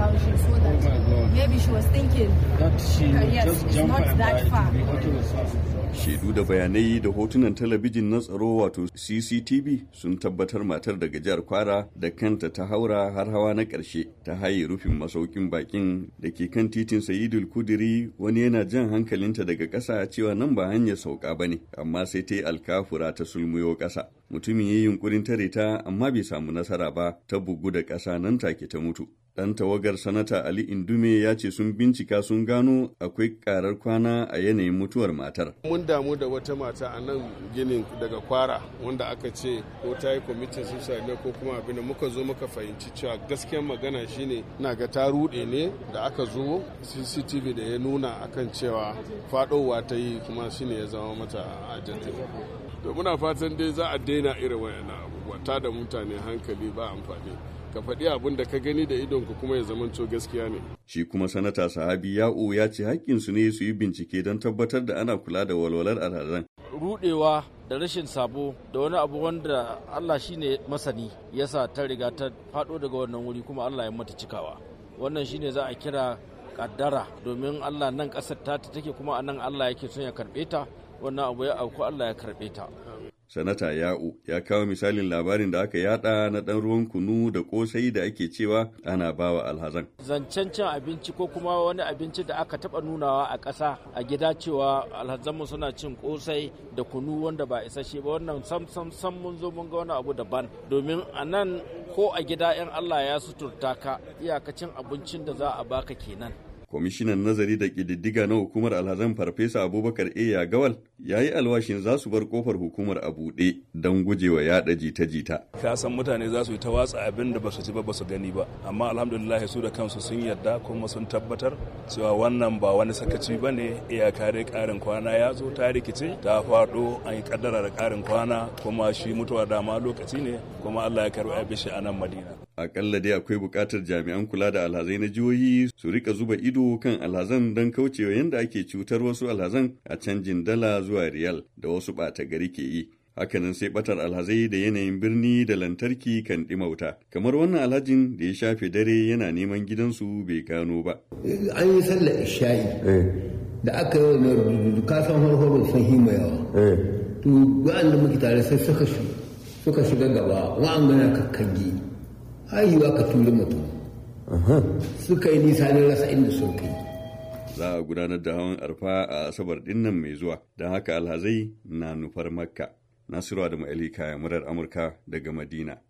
you so that oh maybe she was thinking that she yes, just not that far. Shaidu da bayanai da hotunan talabijin na tsaro wato CCTV sun tabbatar matar daga jihar Kwara da kanta ta haura har hawa na ƙarshe ta haye rufin masaukin bakin da ke kan titin Sayidul Kudiri wani yana jan hankalinta daga ƙasa cewa nan ba hanyar sauka ba ne amma sai ta yi alkafura ta sulmuyo ƙasa. Mutumin ya yi yunkurin tare ta amma bai samu nasara ba ta bugu da ƙasa nan take ta mutu. Ɗan tawagar Sanata Ali Indume ya ce sun bincika sun gano akwai ƙarar kwana a yanayin mutuwar matar. Mun damu da wata mata a nan ginin daga kwara wanda aka ce ko ta yi kwamitin suicide ne ko kuma abin da muka zo muka fahimci cewa gaskiyar magana shine na ga ta ruɗe ne da aka zo CCTV da ya nuna akan cewa faɗowa ta yi kuma shi ne ya zama mata a To muna fatan dai za a daina irin wayannan abubuwa ta da mutane hankali ba amfani. ka faɗi abin da ka gani da idonku kuma ya zamanto gaskiya ne. Shi kuma sanata sahabi ya'o ya ce haƙƙinsu ne su yi bincike don tabbatar da ana kula da walwalar alhazan. Rudewa da rashin sabo da wani abu wanda Allah shine masani ya sa ta riga ta faɗo daga wannan wuri kuma Allah ya mata cikawa. Wannan shine za a kira kaddara domin Allah nan ƙasar ta take kuma a nan Allah yake son ya karɓe ta wannan abu ya auku Allah ya karɓe ta. Sanata Ya'u ya kawo misalin labarin da aka yada na ɗan ruwan kunu da kosai da ake cewa ana bawa alhazan. Zancen cin abinci ko kuma wani abinci da aka taba nunawa a ƙasa a gida cewa alhazanmu suna cin kosai da kunu wanda ba isasshe ba wannan sam sam sam mun zo mun ga wani abu daban domin a nan ko a gida 'yan Allah ya suturta ka iyakacin abincin da za a baka kenan. kwamishinan nazari da ƙididdiga na hukumar alhazan farfesa abubakar eya gawal ya yi alwashin za su bar kofar hukumar a buɗe don gujewa yaɗa jita-jita ka san mutane za su yi ta watsa abin da basu su ji ba su gani ba amma alhamdulillah su da kansu sun yarda kuma sun tabbatar cewa wannan ba wani sakaci ba ne iya karin ƙarin kwana ya zo ta rikice ta faɗo an yi kaddara da ƙarin kwana kuma shi mutuwa dama lokaci ne kuma allah ya karɓi a shi a nan madina akalla dai akwai bukatar jami'an kula da alhazai na jihohi su rika zuba ido kan alhazan don kaucewa yadda ake cutar wasu alhazan a canjin dala zuwa riyal da wasu bata gari ke yi hakanan sai batar alhazai da yanayin birni da lantarki kan ɗimauta kamar wannan alhajin da ya shafe dare yana neman gidansu bai gano ba an yi sallar isha'i eh. da aka yi wani kasan horo sun hima yawa eh. to da muke tare sai suka shiga gaba wa'an gana kakkage haihuwa ka turi mutum suka yi nisa ne rasa inda sun kai za a gudanar da hawan arfa a asabar dinnan mai zuwa don haka alhazai na nufar makka nasiru da ma'ali kayan murar amurka daga madina